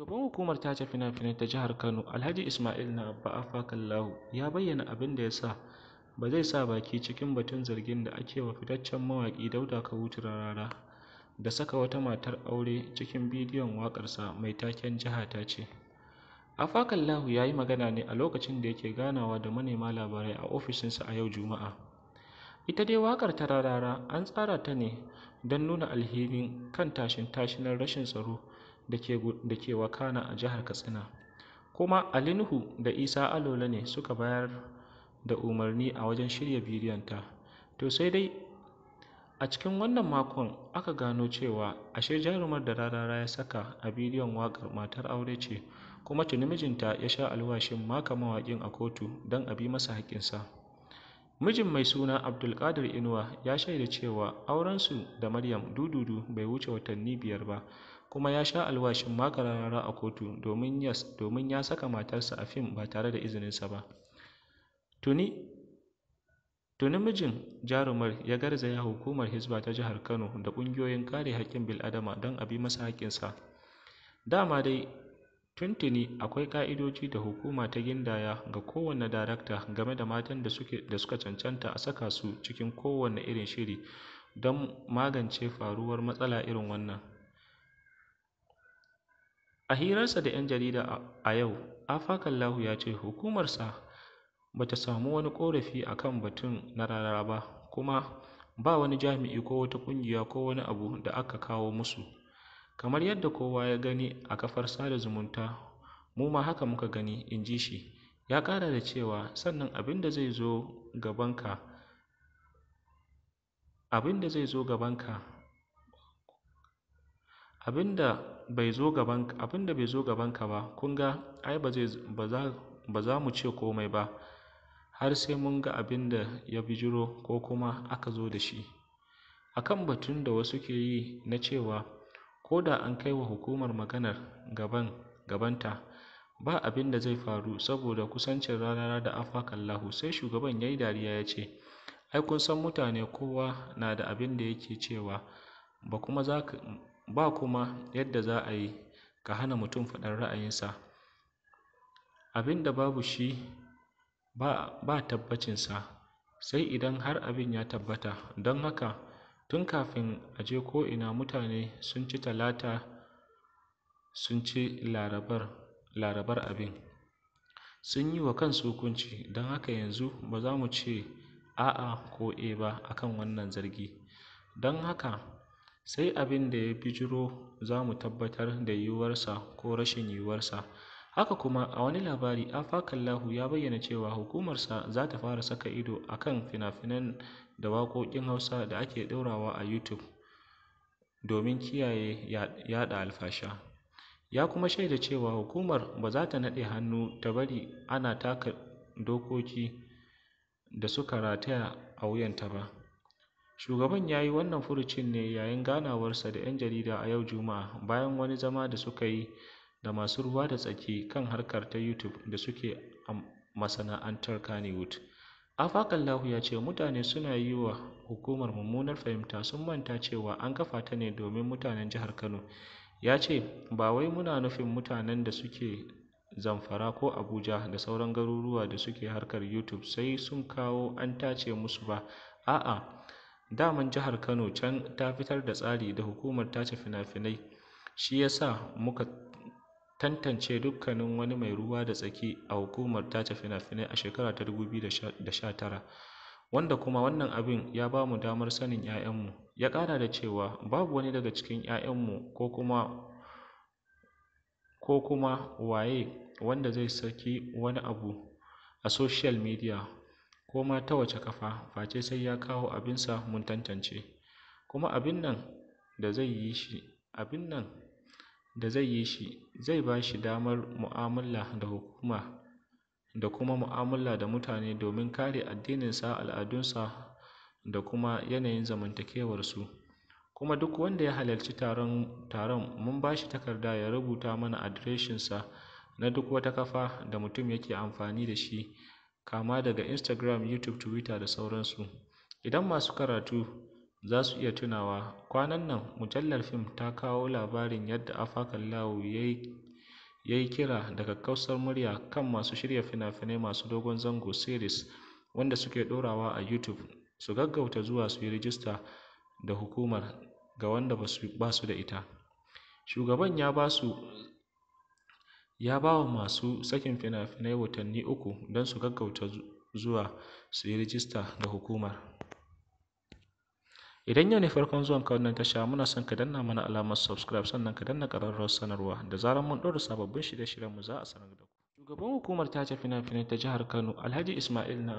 Shugaban hukumar tace fina-finai ta Jihar Kano, Alhaji Ismail na Abba Afakallahu, ya bayyana abin da ya sa ba zai sa baki cikin batun zargin da ake wa fitaccen mawaƙi Dauda Kahutu Rarara da saka wata matar aure cikin bidiyon waƙarsa mai taken Jiha ta ce. Afakallahu ya yi magana ne a lokacin da yake ganawa da manema labarai a ofishinsa a yau Juma'a. Ita dai waƙar ta Rarara an tsara ta ne don nuna alhinin kan tashin-tashinan rashin tsaro da ke wakana a jihar Katsina. Kuma Ali Nuhu da Isa Alola ne suka bayar da umarni a wajen shirya ta To sai dai a cikin wannan makon aka gano cewa ashe jarumar da Rarara ya saka a bidiyon waƙar matar aure ce kuma tuni mijinta ya sha alwashin maka mawaƙin a kotu don a bi masa haƙƙinsa. Mijin mai suna Abdulkadir Inuwa ya shaida cewa aurensu da Maryam Dududu bai wuce watanni biyar ba kuma ya sha alwashin maka a kotu domin ya saka matarsa a fim ba tare da izininsa ba tuni mijin jarumar ya garzaya hukumar Hisba ta jihar kano da ƙungiyoyin kare haƙƙin bil'adama don a bi masa haƙƙinsa dama dai tuntuni akwai ƙa'idoji da hukuma ta gindaya ga kowane darakta game da matan da suka cancanta a saka su cikin kowane irin shiri don magance faruwar matsala irin wannan A hirarsa da 'yan jarida a yau, Afakallahu ya ce hukumarsa ba ta samu wani ƙorafi a kan batun na rarara ba kuma ba wani jami'i ko wata ƙungiya ko wani abu da aka kawo musu, kamar yadda kowa ya gani a kafar sada zumunta mu ma haka muka gani, inji shi, ya ƙara da cewa sannan abin da zai zo gabanka Abin da bai zo gaban, gabanka ba kun ga ai ba za, mu ce komai ba har sai mun ga abin da ya bijiro ko kuma aka zo da shi. A kan batun da wasu ke yi na cewa ko da an kai wa hukumar maganar gaban, gabanta ba abin da zai faru saboda kusancin rana da afakallahu sai shugaban ya yi dariya ya ce, ai kun san mutane kowa na da abin da yake cewa ba kuma za ka. ba kuma yadda za a yi ka hana mutum faɗar ra'ayinsa abin da babu shi ba, ba tabbacinsa sai idan har abin ya tabbata don haka tun kafin a je ko'ina mutane sun ci talata sun ci larabar, larabar abin sun yi wa kansu hukunci don haka yanzu ba za mu ce a'a ko e ba akan wannan zargi don haka sai abin da ya bijiro za mu tabbatar da yiwuwarsa ko rashin yiwuwarsa haka kuma a wani labari afakallahu ya bayyana cewa hukumarsa za ta fara saka ido a kan fina-finan da waƙoƙin hausa da ake ɗaurawa a youtube domin kiyaye yaɗa alfasha ya kuma shaida cewa hukumar ba za ta naɗe hannu ta bari ana taka dokoki da suka rataya a wuyanta ba Shugaban ya yi wannan furucin ne yayin ganawarsa da 'yan jarida a yau Juma'a, bayan wani zama da suka yi da masu ruwa da tsaki kan harkar ta YouTube da suke a masana'antar Kannywood. Afakallahu ya ce mutane suna yi wa hukumar mummunar fahimta sun manta cewa an kafa ta ne domin mutanen jihar Kano. Ya ce, ba wai muna nufin mutanen da suke Zamfara ko Abuja da sauran garuruwa da suke harkar YouTube sai sun kawo an tace musu ba, a'a. daman jihar Kano can ta fitar da tsari da hukumar tace fina-finai shi ya sa muka tantance dukkanin wani mai ruwa da tsaki a hukumar tace fina-finai a shekara ta 2019 wanda kuma wannan abin ya ba mu damar sanin 'ya'yanmu ya ƙara da cewa babu wani daga cikin 'ya'yanmu ko ko kuma waye wanda zai saki wani abu a social media ko ma ta wace kafa face sai ya kawo abinsa mun tantance kuma abin nan da zai yi shi abin nan da zai yi shi zai ba shi damar mu'amala da hukuma da kuma mu'amala da mutane domin kare addininsa al'adunsa da kuma yanayin zamantakewarsu kuma duk wanda ya halarci taron taron mun ba shi takarda ya rubuta mana adireshinsa na duk wata kafa da mutum yake amfani da shi kama daga Instagram, YouTube, Twitter da sauransu. Idan masu karatu za su iya tunawa, kwanan nan mujallar fim ta kawo labarin yadda lawo ya yi kira daga kausar murya kan masu shirya fina-finai masu dogon zango series wanda suke ɗorawa a YouTube su gaggauta zuwa su yi rijista da hukumar ga wanda ba su da ita. Shugaban ya ba su ya ba wa masu sakin fina-finai watanni uku don su gaggauta zuwa su yi rijista da hukumar. Idan yau ne farkon zuwanka wannan tasha muna son ka danna mana alamar subscribe sannan ka danna ƙararrawar sanarwa da zarar mun ɗora sababbin shirye mu za a sanar da ku. Shugaban Hukumar Tace Fina-finai ta Jihar Kano Alhaji Ismail na